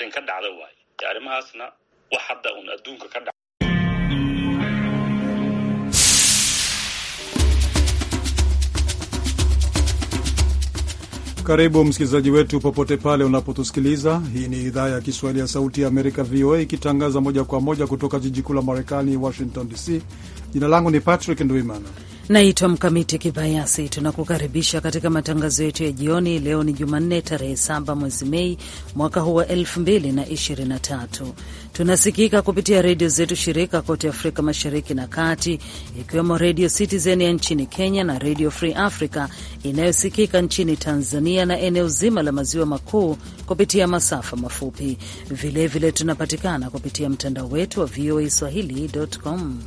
arrin ka dhacda waaye arrimahaasna wax hadda un adduunka ka dhaca Karibu msikilizaji wetu popote pale unapotusikiliza. Hii ni idhaa ya Kiswahili ya Sauti ya Amerika, VOA, ikitangaza moja kwa moja kutoka jiji kuu la Marekani, Washington DC. Jina langu ni Patrick Ndwimana Naitwa Mkamiti Kibayasi. Tunakukaribisha katika matangazo yetu ya jioni. Leo ni Jumanne, tarehe 7 mwezi Mei mwaka huu wa 2023. Tunasikika kupitia redio zetu shirika kote Afrika Mashariki na Kati, ikiwemo Redio Citizen ya nchini Kenya na Redio Free Africa inayosikika nchini Tanzania na eneo zima la maziwa makuu kupitia masafa mafupi. Vilevile vile tunapatikana kupitia mtandao wetu wa VOA swahili.com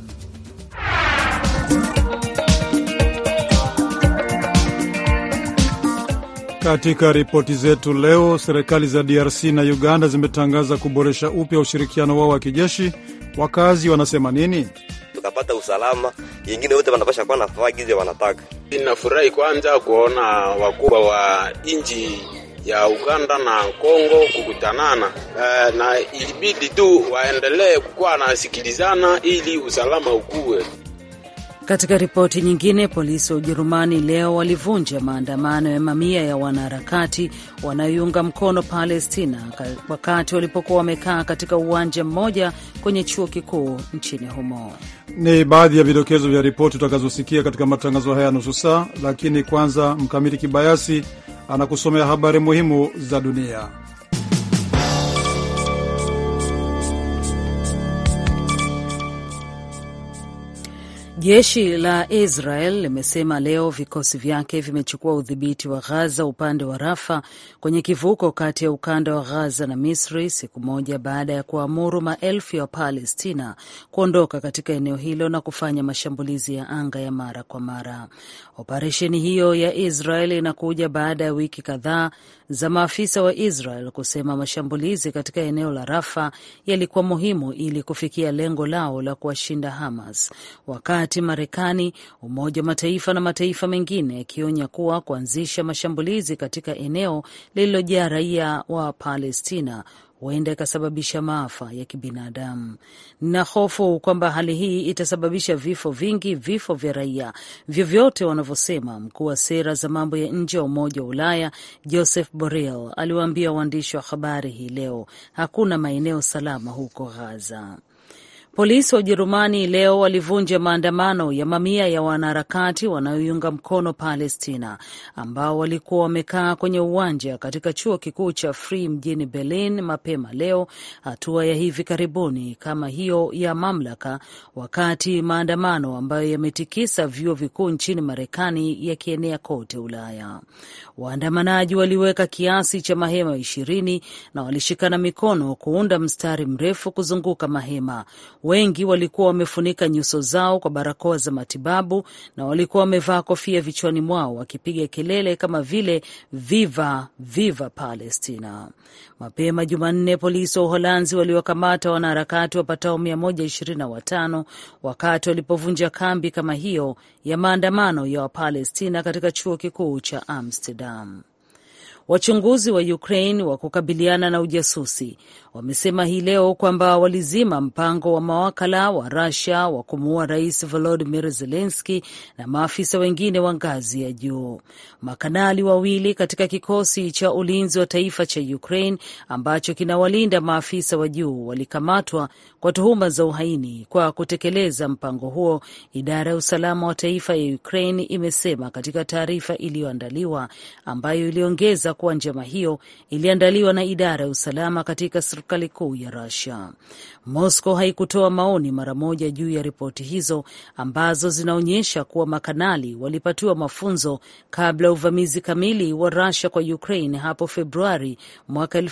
Katika ripoti zetu leo, serikali za DRC na Uganda zimetangaza kuboresha upya ushirikiano wao wa kijeshi. Wakazi wanasema nini? Tukapata usalama yengine wote wanapasha kuwa nafaa gizi wanataka. Ninafurahi kwanza kuona wakubwa wa nchi ya Uganda na Kongo kukutanana eh, na ilibidi tu waendelee kukuwa nasikilizana ili usalama ukuwe. Katika ripoti nyingine, polisi wa Ujerumani leo walivunja maandamano ya mamia ya wanaharakati wanaoiunga mkono Palestina wakati walipokuwa wamekaa katika uwanja mmoja kwenye chuo kikuu nchini humo. Ni baadhi ya vidokezo vya ripoti utakazosikia katika matangazo haya nusu saa, lakini kwanza Mkamiti Kibayasi anakusomea habari muhimu za dunia. Jeshi la Israel limesema leo vikosi vyake vimechukua udhibiti wa Ghaza upande wa Rafa kwenye kivuko kati ya ukanda wa Ghaza na Misri, siku moja baada ya kuamuru maelfu ya Palestina kuondoka katika eneo hilo na kufanya mashambulizi ya anga ya mara kwa mara. Operesheni hiyo ya Israel inakuja baada ya wiki kadhaa za maafisa wa Israel kusema mashambulizi katika eneo la Rafa yalikuwa muhimu ili kufikia lengo lao la kuwashinda Hamas wakati wakati Marekani, Umoja wa Mataifa na mataifa mengine yakionya kuwa kuanzisha mashambulizi katika eneo lililojaa raia wa Palestina huenda ikasababisha maafa ya kibinadamu. na hofu kwamba hali hii itasababisha vifo vingi, vifo vya raia, vyovyote wanavyosema. Mkuu wa sera za mambo ya nje wa Umoja wa Ulaya Joseph Borrell aliwaambia waandishi wa habari hii leo, hakuna maeneo salama huko Ghaza. Polisi wa Ujerumani leo walivunja maandamano ya mamia ya wanaharakati wanaoiunga mkono Palestina ambao walikuwa wamekaa kwenye uwanja katika chuo kikuu cha Free mjini Berlin mapema leo, hatua ya hivi karibuni kama hiyo ya mamlaka, wakati maandamano ambayo yametikisa vyuo vikuu nchini Marekani yakienea kote Ulaya. Waandamanaji waliweka kiasi cha mahema ishirini na walishikana mikono kuunda mstari mrefu kuzunguka mahema. Wengi walikuwa wamefunika nyuso zao kwa barakoa za matibabu na walikuwa wamevaa kofia vichwani mwao wakipiga kelele kama vile viva viva Palestina. Mapema Jumanne, polisi wa Uholanzi waliwakamata wanaharakati wapatao 125 wakati walipovunja kambi kama hiyo ya maandamano ya Wapalestina katika chuo kikuu cha Amsterdam. Wachunguzi wa Ukraine wa kukabiliana na ujasusi wamesema hii leo kwamba walizima mpango wa mawakala wa Russia wa kumuua rais volodimir zelenski na maafisa wengine wa ngazi ya juu. Makanali wawili katika kikosi cha ulinzi wa taifa cha Ukraine ambacho kinawalinda maafisa wa juu walikamatwa kwa tuhuma za uhaini kwa kutekeleza mpango huo, idara ya usalama wa taifa ya Ukraine imesema katika taarifa iliyoandaliwa ambayo iliongeza kuwa njama hiyo iliandaliwa na idara ya usalama katika serikali kuu ya rasia Moscow haikutoa maoni mara moja juu ya ripoti hizo ambazo zinaonyesha kuwa makanali walipatiwa mafunzo kabla ya uvamizi kamili wa Russia kwa Ukraine hapo Februari mwaka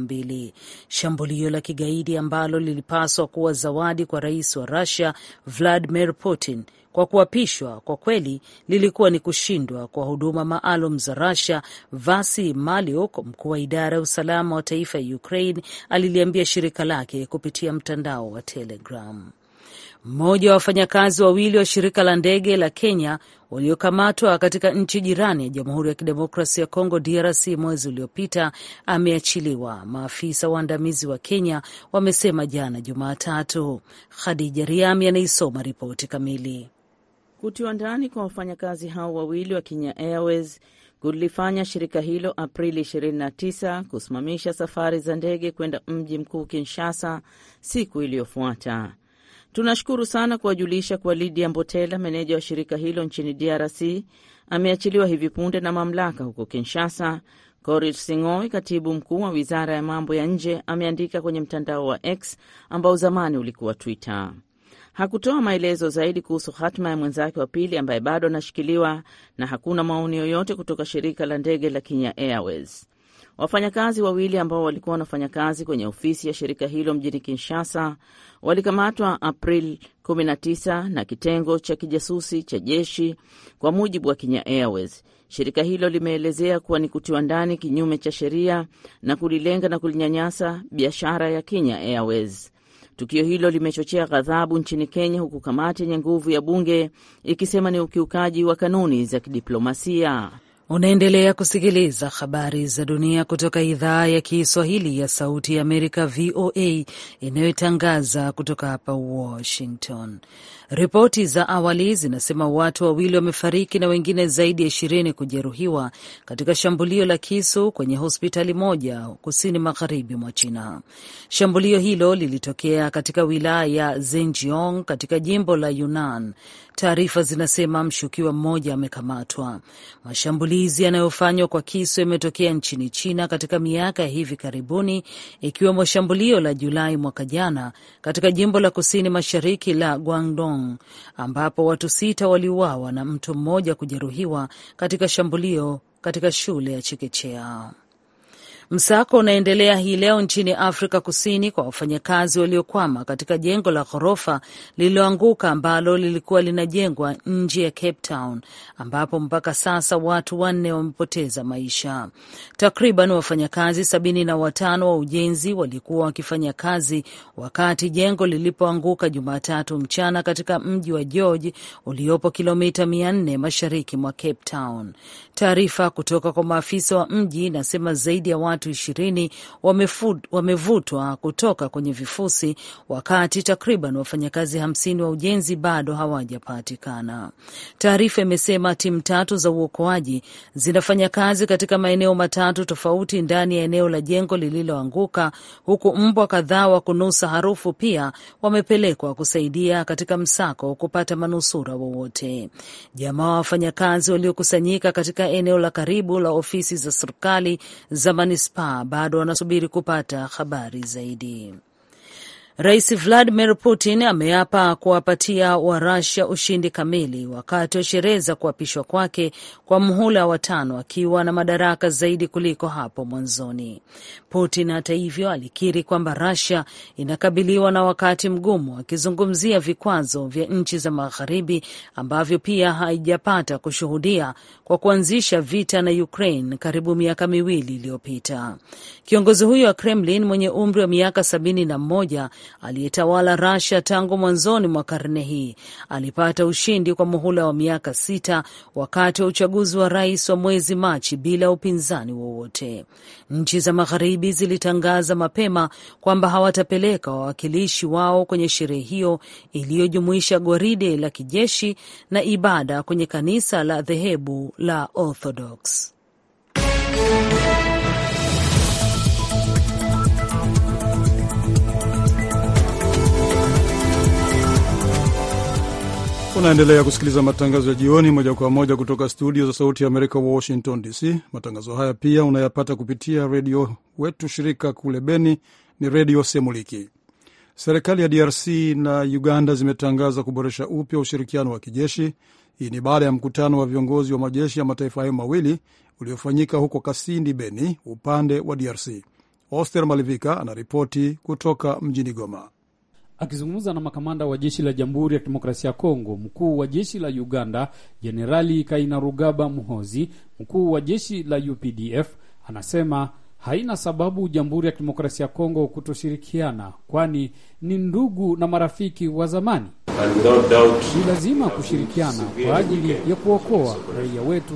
mbili Shambulio la kigaidi ambalo lilipaswa kuwa zawadi kwa rais wa rasia Vladimir Putin kwa kuapishwa kwa kweli lilikuwa ni kushindwa kwa huduma maalum za Russia, Vasi Maliuk, mkuu wa idara ya usalama wa taifa ya Ukraine, aliliambia shirika lake kupitia mtandao wa Telegram. Mmoja wa wafanyakazi wawili wa shirika la ndege la Kenya waliokamatwa katika nchi jirani ya Jamhuri ya Kidemokrasia ya Kongo DRC mwezi uliopita ameachiliwa, maafisa waandamizi wa Kenya wamesema jana Jumatatu. Khadija Riami anaisoma ripoti kamili. Kutiwa ndani kwa wafanyakazi hao wawili wa Kenya Airways kulifanya shirika hilo Aprili 29 kusimamisha safari za ndege kwenda mji mkuu Kinshasa siku iliyofuata. Tunashukuru sana kuwajulisha kuwa lidia Mbotela, meneja wa shirika hilo nchini DRC, ameachiliwa hivi punde na mamlaka huko Kinshasa. Korir Singoi, katibu mkuu wa wizara ya mambo ya nje, ameandika kwenye mtandao wa X ambao zamani ulikuwa Twitter. Hakutoa maelezo zaidi kuhusu hatima ya mwenzake wa pili ambaye bado anashikiliwa na hakuna maoni yoyote kutoka shirika la ndege la Kenya Airways. Wafanyakazi wawili ambao walikuwa wanafanya kazi kwenye ofisi ya shirika hilo mjini Kinshasa walikamatwa April 19 na kitengo cha kijasusi cha jeshi, kwa mujibu wa Kenya Airways. Shirika hilo limeelezea kuwa ni kutiwa ndani kinyume cha sheria na kulilenga na kulinyanyasa biashara ya Kenya Airways. Tukio hilo limechochea ghadhabu nchini Kenya, huku kamati yenye nguvu ya bunge ikisema ni ukiukaji wa kanuni za kidiplomasia. Unaendelea kusikiliza habari za dunia kutoka idhaa ya Kiswahili ya Sauti ya Amerika, VOA, inayotangaza kutoka hapa Washington. Ripoti za awali zinasema watu wawili wamefariki na wengine zaidi ya ishirini kujeruhiwa katika shambulio la kisu kwenye hospitali moja kusini magharibi mwa China. Shambulio hilo lilitokea katika wilaya ya Zinjiong katika jimbo la Yunnan. Taarifa zinasema mshukiwa mmoja amekamatwa. Mashambulizi yanayofanywa kwa kisu yametokea nchini China katika miaka ya hivi karibuni, ikiwemo shambulio la Julai mwaka jana katika jimbo la kusini mashariki la Guangdong Hong ambapo watu sita waliuawa na mtu mmoja kujeruhiwa katika shambulio katika shule ya chekechea. Msako unaendelea hii leo nchini Afrika Kusini kwa wafanyakazi waliokwama katika jengo la ghorofa lililoanguka ambalo lilikuwa linajengwa nje ya Cape Town, ambapo mpaka sasa watu wanne wamepoteza maisha. Takriban wafanyakazi sabini na watano wa ujenzi walikuwa wakifanya kazi wakati jengo lilipoanguka Jumatatu mchana katika mji wa George uliopo kilomita mia nne mashariki mwa Cape Town. Taarifa kutoka kwa maafisa wa mji inasema zaidi ya watu watu ishirini wamevutwa kutoka kwenye vifusi wakati takriban wafanyakazi hamsini wa ujenzi bado hawajapatikana. Taarifa imesema timu tatu za uokoaji zinafanya kazi katika maeneo matatu tofauti ndani ya eneo la jengo lililoanguka, huku mbwa kadhaa wa kunusa harufu pia wamepelekwa kusaidia katika msako kupata manusura wowote. Jamaa wa wafanyakazi waliokusanyika katika eneo la karibu la ofisi za serikali za manispa Spa bado wanasubiri kupata habari zaidi. Rais Vladimir Putin ameapa kuwapatia Warusia ushindi kamili wakati wa sherehe za kuapishwa kwake kwa muhula wa tano akiwa na madaraka zaidi kuliko hapo mwanzoni. Putin hata hivyo alikiri kwamba Russia inakabiliwa na wakati mgumu, akizungumzia vikwazo vya nchi za magharibi ambavyo pia haijapata kushuhudia kwa kuanzisha vita na Ukraine karibu miaka miwili iliyopita. Kiongozi huyo wa Kremlin mwenye umri wa miaka sabini na mmoja aliyetawala Russia tangu mwanzoni mwa karne hii alipata ushindi kwa muhula wa miaka sita wakati wa uchaguzi wa rais wa mwezi Machi bila upinzani wowote. Nchi za magharibi Magharibi zilitangaza mapema kwamba hawatapeleka wawakilishi wao kwenye sherehe hiyo iliyojumuisha gwaride la kijeshi na ibada kwenye kanisa la dhehebu la Orthodox. Unaendelea kusikiliza matangazo ya jioni moja kwa moja kutoka studio za Sauti ya Amerika, Washington DC. Matangazo haya pia unayapata kupitia redio wetu shirika kule Beni ni Redio Semuliki. Serikali ya DRC na Uganda zimetangaza kuboresha upya ushirikiano wa kijeshi. Hii ni baada ya mkutano wa viongozi wa majeshi ya mataifa hayo mawili uliofanyika huko Kasindi, Beni, upande wa DRC. Oster Malivika anaripoti kutoka mjini Goma. Akizungumza na makamanda wa jeshi la Jamhuri ya Kidemokrasia ya Kongo, mkuu wa jeshi la Uganda Jenerali kainarugaba Muhozi, mkuu wa jeshi la UPDF, anasema haina sababu Jamhuri ya Kidemokrasia ya Kongo kutoshirikiana, kwani ni ndugu na marafiki wa zamani. Ni lazima kushirikiana kwa ajili ya kuokoa raia wetu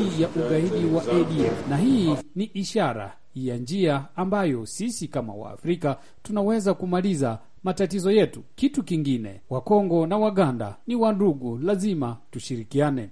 dhidi ya ugaidi wa ADF, na hii ni ishara ya njia ambayo sisi kama Waafrika tunaweza kumaliza matatizo yetu. Kitu kingine, Wakongo na Waganda ni wandugu, lazima tushirikiane.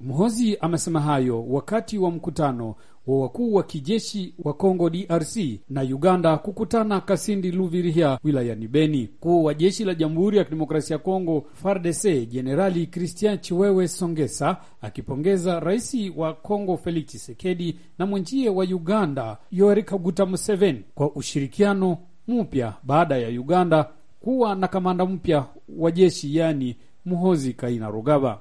Mhozi amesema hayo wakati wa mkutano wa wakuu wa kijeshi wa Kongo DRC na Uganda kukutana Kasindi luvirihya wilayani Beni. Mkuu wa jeshi la Jamhuri ya Kidemokrasia ya Kongo FARDC Jenerali Christian Chiwewe Songesa akipongeza rais wa Kongo Felix Tshisekedi na mwenjie wa Uganda Yoweri Kaguta Museveni kwa ushirikiano mpya baada ya Uganda kuwa na kamanda mpya wa jeshi yani Muhozi Kainerugaba.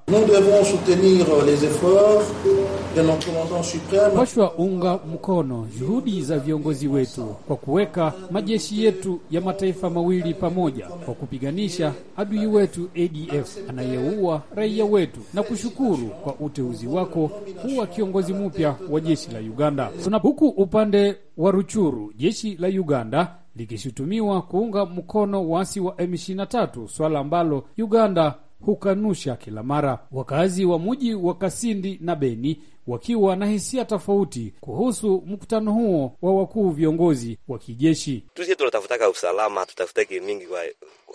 Washwa unga mkono juhudi za viongozi wetu kwa kuweka majeshi yetu ya mataifa mawili pamoja kwa kupiganisha adui wetu ADF anayeua raia wetu, na kushukuru kwa uteuzi wako kuwa kiongozi mpya wa jeshi la Uganda. Huku upande wa Ruchuru jeshi la Uganda likishutumiwa kuunga mkono waasi wa M23, swala ambalo Uganda hukanusha kila mara. Wakazi wa muji wa Kasindi na Beni wakiwa na hisia tofauti kuhusu mkutano huo wa wakuu viongozi wa kijeshi. Tusie tunatafutaka usalama, tutafutaki mingi kwa,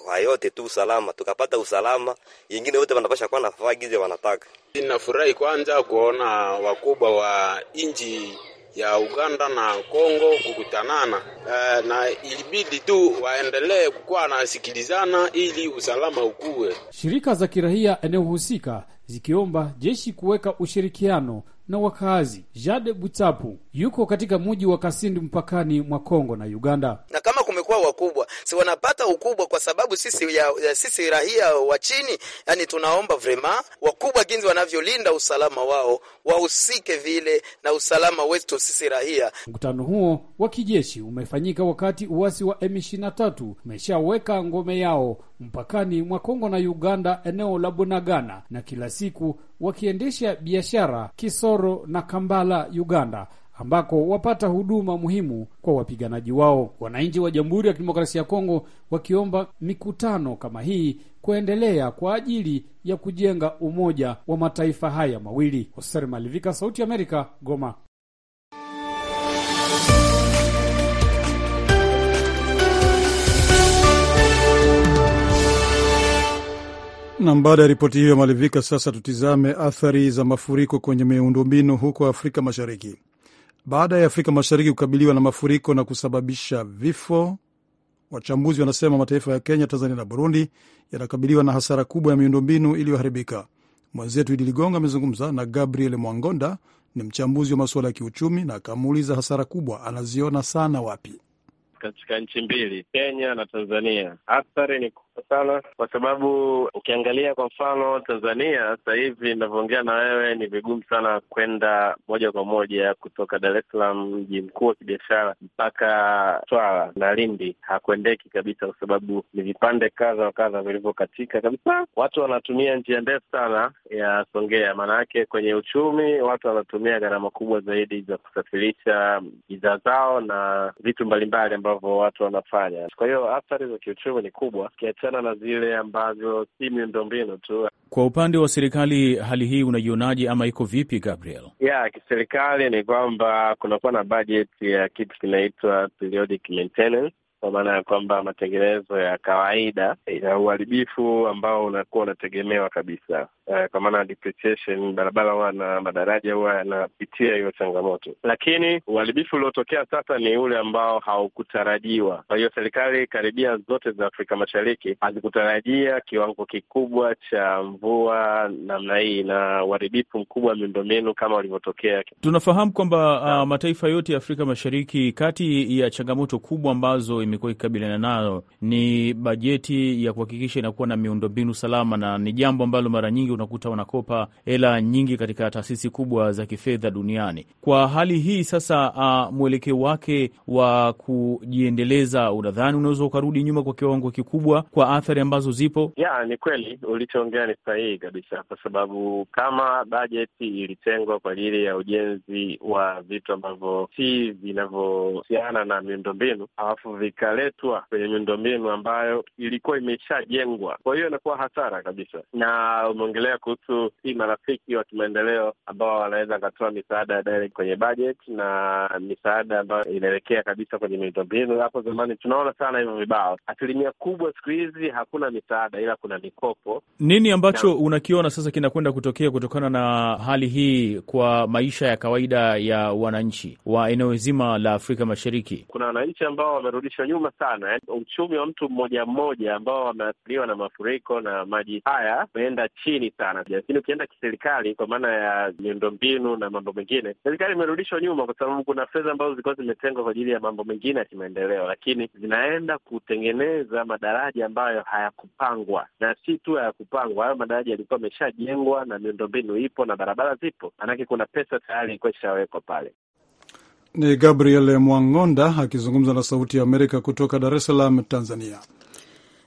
kwa yote tu usalama, tukapata usalama yingine yote wanapasha kuwa nafaa gize wanataka. Ninafurahi kwanza kuona wakubwa wa nchi ya Uganda na Kongo kukutanana e, na ilibidi tu waendelee kukuwa nasikilizana ili usalama ukuwe. Shirika za kirahia eneo husika zikiomba jeshi kuweka ushirikiano na wakaazi. Jade Butapu yuko katika mji wa Kasindi mpakani mwa Kongo na Uganda. Na kama kumekuwa wakubwa, si wanapata ukubwa kwa sababu sisi ya, ya sisi rahia wa chini, yani tunaomba vrema wakubwa ginzi wanavyolinda usalama wao wahusike vile na usalama wetu sisi rahia Mkutano huo wa kijeshi umefanyika wakati uasi wa M23 umeshaweka ngome yao mpakani mwa Kongo na Uganda eneo la Bunagana, na kila siku wakiendesha biashara Kisoro na Kambala, Uganda ambako wapata huduma muhimu kwa wapiganaji wao. Wananchi wa Jamhuri ya Kidemokrasia ya Kongo wakiomba mikutano kama hii kuendelea kwa ajili ya kujenga umoja wa mataifa haya mawili. Hoser Malivika, Sauti ya Amerika, Goma. nam baada ya ripoti hiyo ya Malivika, sasa tutizame athari za mafuriko kwenye miundombinu huko Afrika Mashariki baada ya Afrika Mashariki kukabiliwa na mafuriko na kusababisha vifo. Wachambuzi wanasema mataifa ya Kenya, Tanzania na Burundi yanakabiliwa na hasara kubwa ya miundombinu iliyoharibika. Mwenzetu Idi Ligongo amezungumza na Gabriel Mwangonda, ni mchambuzi wa masuala ya kiuchumi, na akamuuliza hasara kubwa anaziona sana wapi katika nchi mbili Kenya na Tanzania. Athari ni sana, kwa sababu ukiangalia kwa mfano Tanzania sasa hivi inavyoongea na wewe, ni vigumu sana kwenda moja kwa moja kutoka Dar es Salaam, mji mkuu wa kibiashara, mpaka swara na Lindi, hakuendeki kabisa, kwa sababu ni vipande kadha wa kadha vilivyokatika kabisa. Watu wanatumia njia ndefu sana ya Songea, maana yake kwenye uchumi watu wanatumia gharama kubwa zaidi za kusafirisha bidhaa zao na vitu mbalimbali ambavyo watu wanafanya. Kwa hiyo athari za kiuchumi ni kubwa, ukiachana na zile ambavyo si miundombinu tu. Kwa upande wa serikali, hali hii unaionaje ama iko vipi, Gabriel? Yeah, kiserikali ni kwamba kunakuwa na bajeti ya kitu kinaitwa periodic maintenance kwa maana ya kwamba matengenezo ya kawaida ya uharibifu ambao unakuwa unategemewa kabisa. Eh, kwa maana depreciation, barabara huwa na madaraja huwa yanapitia hiyo changamoto. Lakini uharibifu uliotokea sasa ni ule ambao haukutarajiwa. Kwa hiyo serikali karibia zote za Afrika Mashariki hazikutarajia kiwango kikubwa cha mvua namna hii na uharibifu mkubwa wa miundombinu kama ulivyotokea. Tunafahamu kwamba uh, mataifa yote ya Afrika Mashariki, kati ya changamoto kubwa ambazo imekuwa ikikabiliana nayo ni bajeti ya kuhakikisha inakuwa na miundombinu salama, na ni jambo ambalo mara nyingi unakuta wanakopa hela nyingi katika taasisi kubwa za kifedha duniani. Kwa hali hii sasa, uh, mwelekeo wake wa kujiendeleza, unadhani unaweza ukarudi nyuma kwa kiwango kikubwa kwa athari ambazo zipo? Ya, ni kweli ulichoongea ni sahihi kabisa, kwa sababu kama bajeti ilitengwa kwa ajili ya ujenzi wa vitu ambavyo si vinavyohusiana na miundombinu, alafu vikaletwa kwenye miundombinu ambayo ilikuwa imeshajengwa, kwa hiyo inakuwa hasara kabisa na umeongelea tumeongelea kuhusu si marafiki wa kimaendeleo ambao wanaweza wakatoa misaada ya direct kwenye budget na misaada ambayo inaelekea kabisa kwenye miundombinu. Hapo zamani tunaona sana hivyo vibao. Asilimia kubwa siku hizi hakuna misaada, ila kuna mikopo. Nini ambacho na unakiona sasa kinakwenda kutokea kutokana na hali hii kwa maisha ya kawaida ya wananchi wa eneo zima la Afrika Mashariki? Kuna wananchi ambao wamerudishwa nyuma sana, eh, uchumi wa mtu mmoja mmoja ambao wameathiriwa na mafuriko na maji haya umeenda chini sana, lakini ukienda kiserikali, kwa maana ya miundombinu na mambo mengine, serikali imerudishwa nyuma, kwa sababu kuna fedha ambazo zilikuwa zimetengwa kwa ajili ya mambo mengine ya kimaendeleo, lakini zinaenda kutengeneza madaraja ambayo hayakupangwa, na si tu hayakupangwa, hayo madaraja yalikuwa ameshajengwa na miundombinu ipo na barabara zipo, manake kuna pesa tayari ilikuwa ishawekwa pale. Ni Gabriel Mwang'onda akizungumza na Sauti ya Amerika kutoka Dar es Salaam, Tanzania.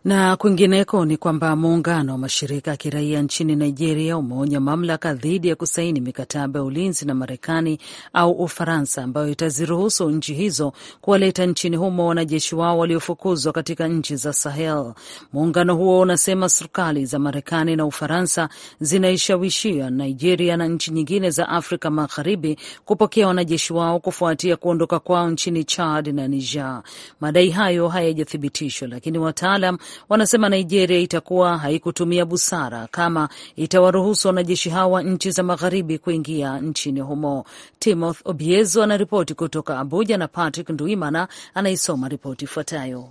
Na kwingineko ni kwamba muungano wa mashirika ya kiraia nchini Nigeria umeonya mamlaka dhidi ya kusaini mikataba ya ulinzi na Marekani au Ufaransa ambayo itaziruhusu nchi hizo kuwaleta nchini humo wanajeshi wao waliofukuzwa katika nchi za Sahel. Muungano huo unasema serikali za Marekani na Ufaransa zinaishawishia Nigeria na nchi nyingine za Afrika Magharibi kupokea wanajeshi wao kufuatia kuondoka kwao nchini Chad na Niger. Madai hayo hayajathibitishwa, lakini wataalam wanasema Nigeria itakuwa haikutumia busara kama itawaruhusu wanajeshi hawa nchi za magharibi kuingia nchini humo. timoth Obiezo anaripoti kutoka Abuja na Patrick Nduimana anaisoma ripoti ifuatayo.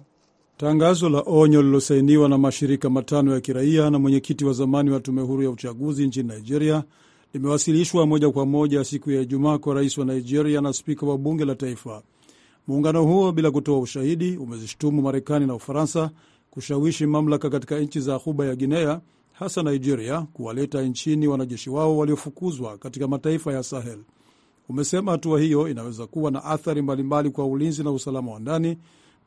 Tangazo la onyo lililosainiwa na mashirika matano ya kiraia na mwenyekiti wa zamani wa tume huru ya uchaguzi nchini Nigeria limewasilishwa moja kwa moja siku ya Ijumaa kwa rais wa Nigeria na spika wa bunge la taifa. Muungano huo bila kutoa ushahidi umezishtumu Marekani na Ufaransa kushawishi mamlaka katika nchi za ghuba ya Guinea, hasa Nigeria, kuwaleta nchini wanajeshi wao waliofukuzwa katika mataifa ya Sahel. Umesema hatua hiyo inaweza kuwa na athari mbalimbali kwa ulinzi na usalama wa ndani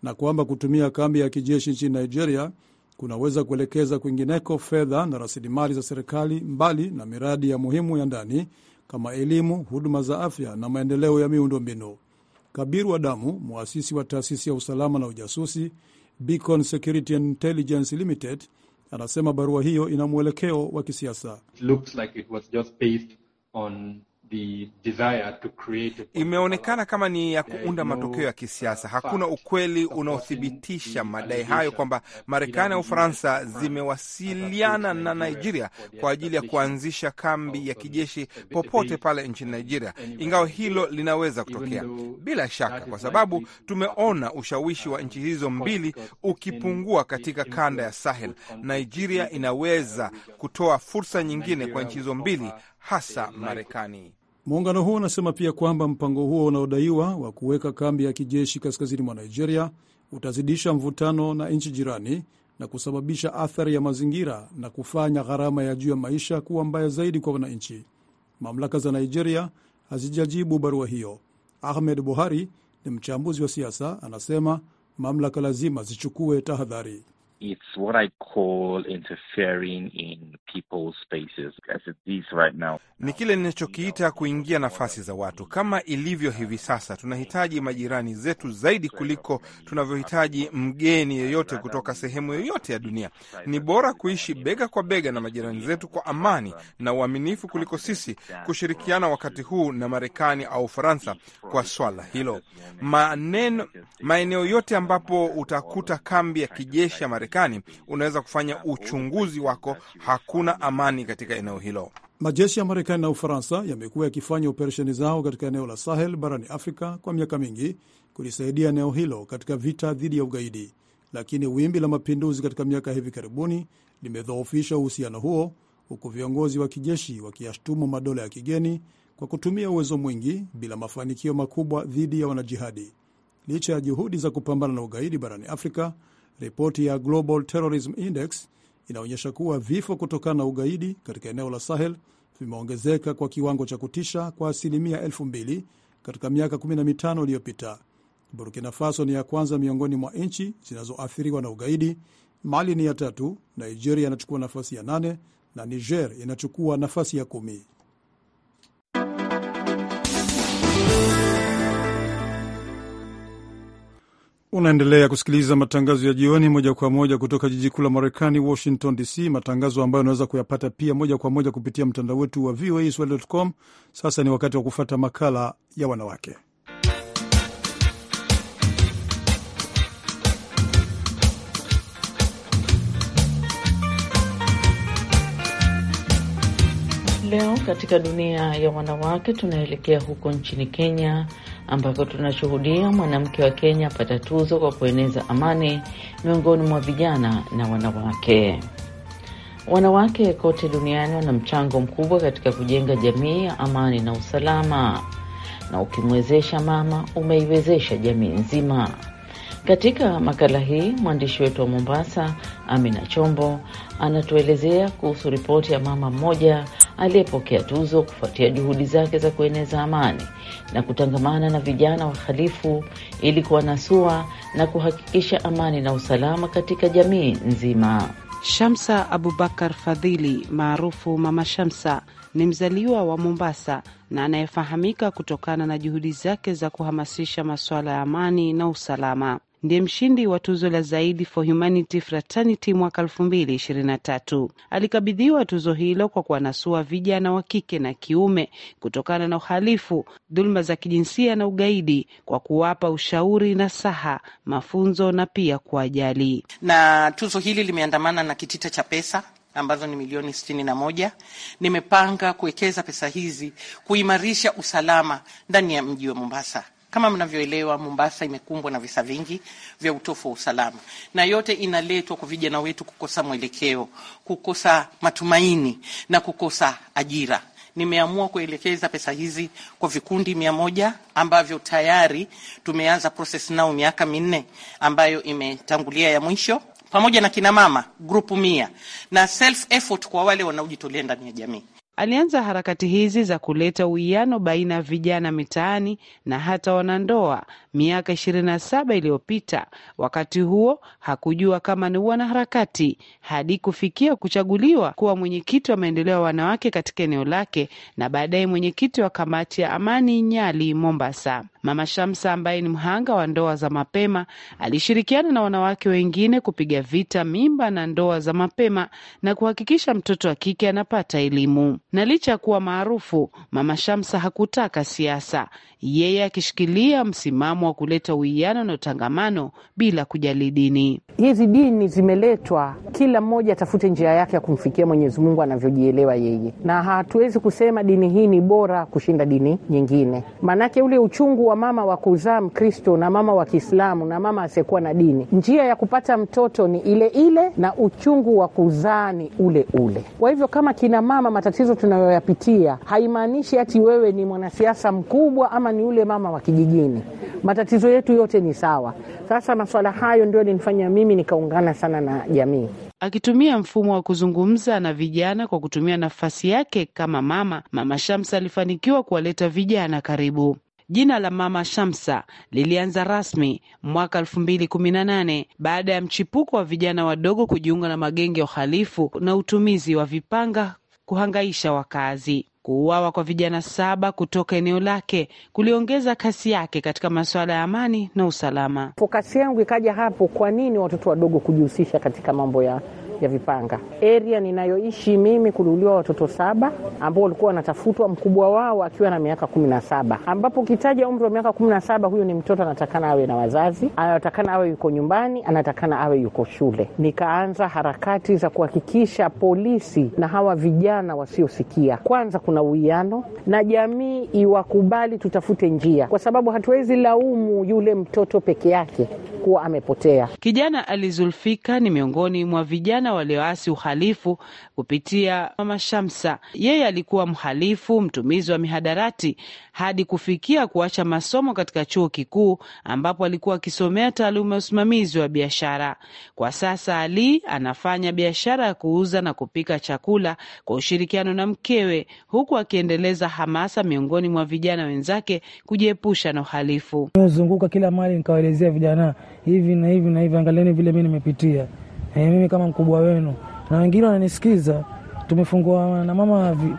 na kwamba kutumia kambi ya kijeshi nchini Nigeria kunaweza kuelekeza kwingineko fedha na rasilimali za serikali mbali na miradi ya muhimu ya ndani kama elimu, huduma za afya na maendeleo ya miundombinu. Kabiru Adamu, mwasisi wa taasisi ya usalama na ujasusi Beacon Security and Intelligence Limited anasema barua hiyo ina mwelekeo wa kisiasa. It like it was just based on Imeonekana kama ni ya kuunda matokeo ya kisiasa. Hakuna ukweli unaothibitisha madai hayo kwamba Marekani au Ufaransa zimewasiliana na Nigeria kwa ajili ya kuanzisha kambi ya kijeshi popote pale nchini Nigeria, ingawa hilo linaweza kutokea bila shaka, kwa sababu tumeona ushawishi wa um, nchi hizo mbili ukipungua katika kanda ya Sahel. Nigeria uh, inaweza kutoa fursa nyingine kwa nchi hizo mbili hasa Marekani. Muungano huo unasema pia kwamba mpango huo unaodaiwa wa kuweka kambi ya kijeshi kaskazini mwa Nigeria utazidisha mvutano na nchi jirani na kusababisha athari ya mazingira na kufanya gharama ya juu ya maisha kuwa mbaya zaidi kwa wananchi. Mamlaka za Nigeria hazijajibu barua hiyo. Ahmed Buhari ni mchambuzi wa siasa, anasema mamlaka lazima zichukue tahadhari it's what I call interfering in people's spaces as it is right now. Ni kile ninachokiita kuingia nafasi za watu. Kama ilivyo hivi sasa, tunahitaji majirani zetu zaidi kuliko tunavyohitaji mgeni yeyote kutoka sehemu yoyote ya dunia. Ni bora kuishi bega kwa bega na majirani zetu kwa amani na uaminifu kuliko sisi kushirikiana wakati huu na Marekani au Ufaransa kwa swala hilo. Maneno, maeneo yote ambapo utakuta kambi ya kijeshi ya Marekani Marekani unaweza kufanya uchunguzi wako. Hakuna amani katika eneo hilo. Majeshi ya Marekani na Ufaransa yamekuwa yakifanya operesheni zao katika eneo la Sahel barani Afrika kwa miaka mingi kulisaidia eneo hilo katika vita dhidi ya ugaidi, lakini wimbi la mapinduzi katika miaka hivi karibuni limedhoofisha uhusiano huo, huku viongozi wa kijeshi wakiyashtumu madola ya kigeni kwa kutumia uwezo mwingi bila mafanikio makubwa dhidi ya wanajihadi. Licha ya juhudi za kupambana na ugaidi barani Afrika, Ripoti ya Global Terrorism Index inaonyesha kuwa vifo kutokana na ugaidi katika eneo la Sahel vimeongezeka kwa kiwango cha kutisha kwa asilimia elfu mbili katika miaka 15 iliyopita. Burkina Faso ni ya kwanza miongoni mwa nchi zinazoathiriwa na ugaidi. Mali ni ya tatu, Nigeria inachukua nafasi ya nane na Niger inachukua nafasi ya kumi. Unaendelea kusikiliza matangazo ya jioni moja kwa moja kutoka jiji kuu la Marekani, Washington DC, matangazo ambayo unaweza kuyapata pia moja kwa moja kupitia mtandao wetu wa VOA Sasa ni wakati wa kufata makala ya wanawake. Leo katika dunia ya wanawake tunaelekea huko nchini Kenya ambako tunashuhudia mwanamke wa Kenya apata tuzo kwa kueneza amani miongoni mwa vijana na wanawake. Wanawake kote duniani wana mchango mkubwa katika kujenga jamii ya amani na usalama, na ukimwezesha mama umeiwezesha jamii nzima. Katika makala hii mwandishi wetu wa Mombasa, Amina Chombo, anatuelezea kuhusu ripoti ya mama mmoja aliyepokea tuzo kufuatia juhudi zake za kueneza amani na kutangamana na vijana wahalifu ili kuwanasua na kuhakikisha amani na usalama katika jamii nzima. Shamsa Abubakar Fadhili maarufu Mama Shamsa ni mzaliwa wa Mombasa na anayefahamika kutokana na juhudi zake za kuhamasisha masuala ya amani na usalama ndiye mshindi wa tuzo la Zaidi for Humanity Fraternity mwaka tatu. Alikabidhiwa tuzo hilo kwa kuwanasua vijana wa kike na kiume kutokana na uhalifu, dhuluma za kijinsia na ugaidi kwa kuwapa ushauri na saha, mafunzo na pia kuwajali. Na tuzo hili limeandamana na kitita cha pesa ambazo ni milioni sitini na moja. Nimepanga kuwekeza pesa hizi kuimarisha usalama ndani ya mji wa Mombasa kama mnavyoelewa, Mombasa imekumbwa na visa vingi vya utofu wa usalama, na yote inaletwa kwa vijana wetu kukosa mwelekeo, kukosa matumaini na kukosa ajira. Nimeamua kuelekeza pesa hizi kwa vikundi mia moja ambavyo tayari tumeanza proses nao miaka minne ambayo imetangulia ya mwisho, pamoja na kinamama grupu mia na self effort kwa wale wanaojitolea ndani ya jamii. Alianza harakati hizi za kuleta uwiano baina ya vijana mitaani na hata wanandoa miaka na saba iliyopita. Wakati huo hakujua kama ni wanaharakati hadi kufikia kuchaguliwa kuwa mwenyekiti wa maendeleo ya wanawake katika eneo lake na baadaye mwenyekiti wa kamati ya amani Nyali, Mombasa. Mama Shamsa ambaye ni mhanga wa ndoa za mapema alishirikiana na wanawake wengine kupiga vita mimba na ndoa za mapema na kuhakikisha mtoto wa kike anapata elimu. Na licha ya kuwa maarufu, Mama Shamsa hakutaka siasa, yeye akishikilia msimamo wa kuleta uwiano na utangamano bila kujali dini. Hizi dini zimeletwa, kila mmoja atafute njia yake ya kumfikia Mwenyezi Mungu anavyojielewa yeye, na hatuwezi kusema dini hii ni bora kushinda dini nyingine, maanake ule uchungu wa mama wa kuzaa Mkristo na mama wa Kiislamu na mama asiyekuwa na dini, njia ya kupata mtoto ni ile ile na uchungu wa kuzaa ni ule ule. Kwa hivyo kama kina mama, matatizo tunayoyapitia haimaanishi hati wewe ni mwanasiasa mkubwa ama ni ule mama wa kijijini matatizo yetu yote ni sawa. Sasa masuala hayo ndio linifanya mimi nikaungana sana na jamii. Akitumia mfumo wa kuzungumza na vijana kwa kutumia nafasi yake kama mama, Mama Shamsa alifanikiwa kuwaleta vijana karibu. Jina la Mama Shamsa lilianza rasmi mwaka elfu mbili kumi na nane baada ya mchipuko wa vijana wadogo kujiunga na magenge ya uhalifu na utumizi wa vipanga kuhangaisha wakazi. Kuuawa kwa vijana saba kutoka eneo lake kuliongeza kasi yake katika masuala ya amani na usalama. Fokasi yangu ikaja hapo, kwa nini watoto wadogo kujihusisha katika mambo ya ya Vipanga. Area ninayoishi mimi kuliuliwa watoto saba ambao walikuwa wanatafutwa, mkubwa wao akiwa na miaka kumi na saba ambapo ukitaja umri wa miaka kumi na saba huyu ni mtoto anatakana awe na wazazi, anatakana awe yuko nyumbani, anatakana awe yuko shule. Nikaanza harakati za kuhakikisha polisi na hawa vijana wasiosikia kwanza kuna uwiano na jamii iwakubali, tutafute njia, kwa sababu hatuwezi laumu yule mtoto peke yake kuwa amepotea. Kijana Alizulfika ni miongoni mwa vijana vijana walioasi uhalifu kupitia Mama Shamsa. Yeye alikuwa mhalifu, mtumizi wa mihadarati hadi kufikia kuacha masomo katika chuo kikuu ambapo alikuwa akisomea taaluma ya usimamizi wa biashara. Kwa sasa Ali anafanya biashara ya kuuza na kupika chakula kwa ushirikiano na mkewe, huku akiendeleza hamasa miongoni mwa vijana wenzake kujiepusha na uhalifu. Zunguka kila mahali nikawaelezea vijana hivi na hivi na hivi, angalieni vile mi nimepitia E, mimi kama mkubwa wenu na wengine wananisikiza, tumefungua na mama vi,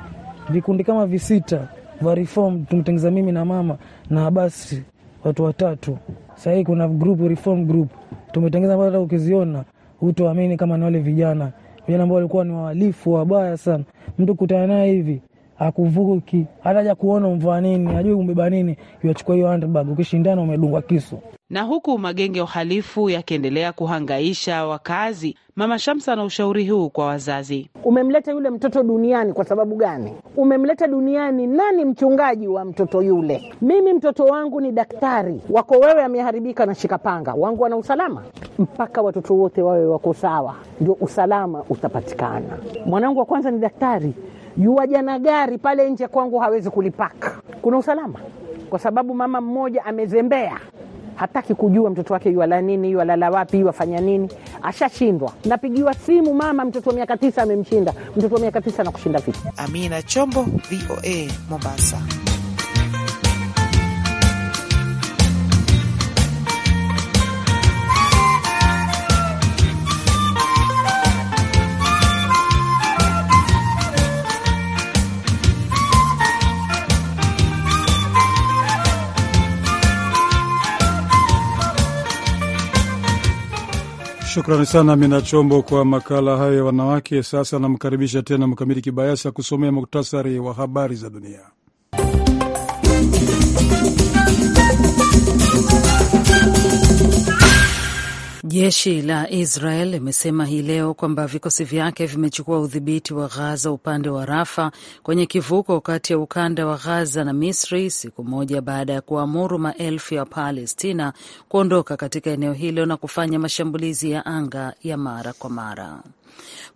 vikundi kama visita vya reform, tumtengeza mimi na mama na basi watu watatu. Sahii kuna group, reform group tumetengeza ambao hata ukiziona hutoamini kama ni wale vijana vijana ambao walikuwa ni wahalifu wabaya sana, mtu kutana naye hivi akuvuki, ja kuona umvaa nini, ajui umbeba nini, yachukua hiyo handbag. Ukishindana umedungwa kisu. Na huku magenge ya uhalifu yakiendelea kuhangaisha wakazi, Mama Shamsa ana ushauri huu kwa wazazi: umemleta yule mtoto duniani kwa sababu gani? Umemleta duniani, nani mchungaji wa mtoto yule? Mimi mtoto wangu ni daktari wako, wewe ameharibika na shikapanga wangu, wana usalama mpaka watoto wote wawe wako sawa, ndio usalama utapatikana. Mwanangu wa kwanza ni daktari Jua jana gari pale nje kwangu hawezi kulipaka, kuna usalama, kwa sababu mama mmoja amezembea, hataki kujua mtoto wake yuala nini, yualala wapi, yuafanya nini, ashashindwa. Napigiwa simu mama, mtoto wa miaka tisa amemshinda. Mtoto wa miaka tisa na kushinda vipi? Amina Chombo, VOA, Mombasa. Shukrani sana Mina Chombo kwa makala hayo ya wanawake. Sasa anamkaribisha tena Mkamiti Kibayasi akusomea muktasari wa habari za dunia. Jeshi la Israel limesema hii leo kwamba vikosi vyake vimechukua udhibiti wa Ghaza upande wa Rafa kwenye kivuko kati ya ukanda wa Ghaza na Misri, siku moja baada ya kuamuru maelfu ya Palestina kuondoka katika eneo hilo na kufanya mashambulizi ya anga ya mara kwa mara.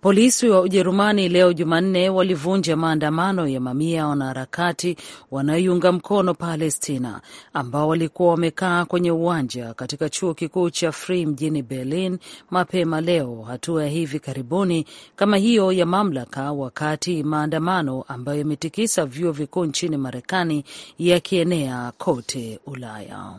Polisi wa Ujerumani leo Jumanne walivunja maandamano ya mamia ya wanaharakati wanaoiunga mkono Palestina ambao walikuwa wamekaa kwenye uwanja katika chuo kikuu cha Free mjini Berlin mapema leo, hatua ya hivi karibuni kama hiyo ya mamlaka, wakati maandamano ambayo yametikisa vyuo vikuu nchini Marekani yakienea kote Ulaya.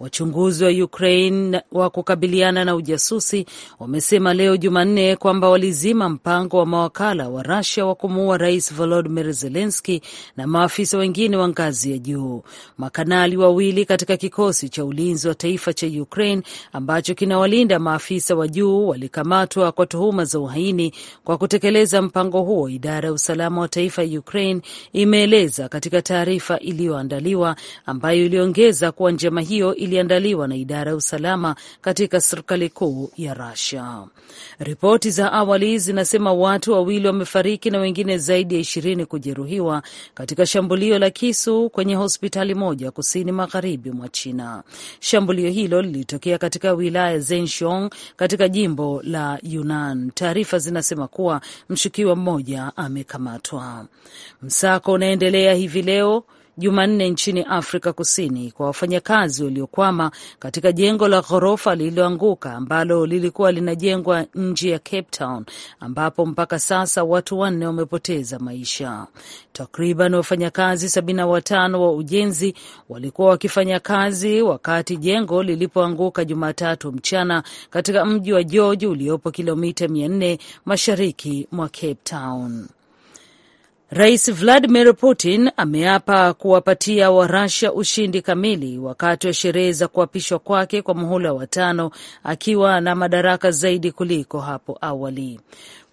Wachunguzi wa Ukraine wa kukabiliana na ujasusi wamesema leo Jumanne kwamba walizima mpango wa mawakala wa Russia wa kumuua Rais volodimir zelenski na maafisa wengine wa ngazi ya juu. Makanali wawili katika kikosi cha ulinzi wa taifa cha Ukraine ambacho kinawalinda maafisa wa juu walikamatwa kwa tuhuma za uhaini kwa kutekeleza mpango huo, idara ya usalama wa taifa ya Ukraine imeeleza katika taarifa iliyoandaliwa ambayo iliongeza kuwa njama hiyo ili iliandaliwa na idara ya usalama katika serikali kuu ya rasia Ripoti za awali zinasema watu wawili wamefariki na wengine zaidi ya ishirini kujeruhiwa katika shambulio la kisu kwenye hospitali moja kusini magharibi mwa China. Shambulio hilo lilitokea katika wilaya Zhenxiong katika jimbo la Yunnan. Taarifa zinasema kuwa mshukiwa mmoja amekamatwa. Msako unaendelea hivi leo Jumanne nchini Afrika Kusini kwa wafanyakazi waliokwama katika jengo la ghorofa lililoanguka ambalo lilikuwa linajengwa nje ya Cape Town, ambapo mpaka sasa watu wanne wamepoteza maisha. Takriban wafanyakazi sabini na watano wa ujenzi walikuwa wakifanya kazi wakati jengo lilipoanguka Jumatatu mchana katika mji wa George uliopo kilomita mia nne mashariki mwa Cape Town. Rais Vladimir Putin ameapa kuwapatia Warusia ushindi kamili wakati wa sherehe za kuapishwa kwake kwa muhula wa tano akiwa na madaraka zaidi kuliko hapo awali.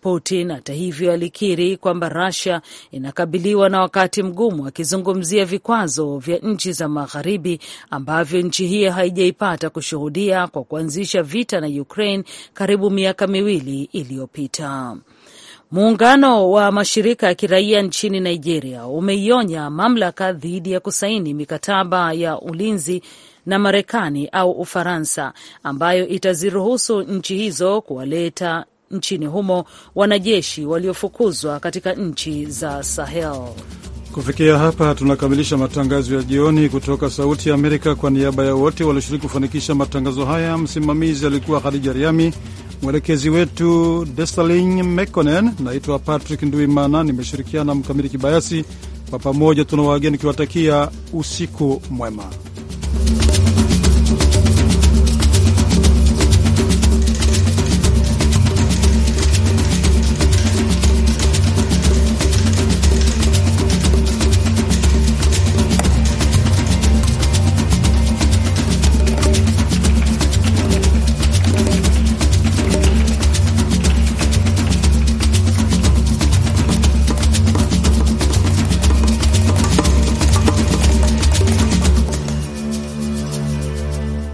Putin hata hivyo alikiri kwamba Russia inakabiliwa na wakati mgumu, akizungumzia vikwazo vya nchi za magharibi ambavyo nchi hiyo haijaipata kushuhudia kwa kuanzisha vita na Ukraine karibu miaka miwili iliyopita. Muungano wa mashirika ya kiraia nchini Nigeria umeionya mamlaka dhidi ya kusaini mikataba ya ulinzi na Marekani au Ufaransa ambayo itaziruhusu nchi hizo kuwaleta nchini humo wanajeshi waliofukuzwa katika nchi za Sahel. Kufikia hapa tunakamilisha matangazo ya jioni kutoka Sauti ya Amerika. Kwa niaba ya wote walioshiriki kufanikisha matangazo haya, msimamizi alikuwa Khadija Riami, mwelekezi wetu Destalin Mekonen. Naitwa Patrick Nduimana, nimeshirikiana Mkamili Kibayasi. Kwa pamoja tuna wageni kiwatakia usiku mwema.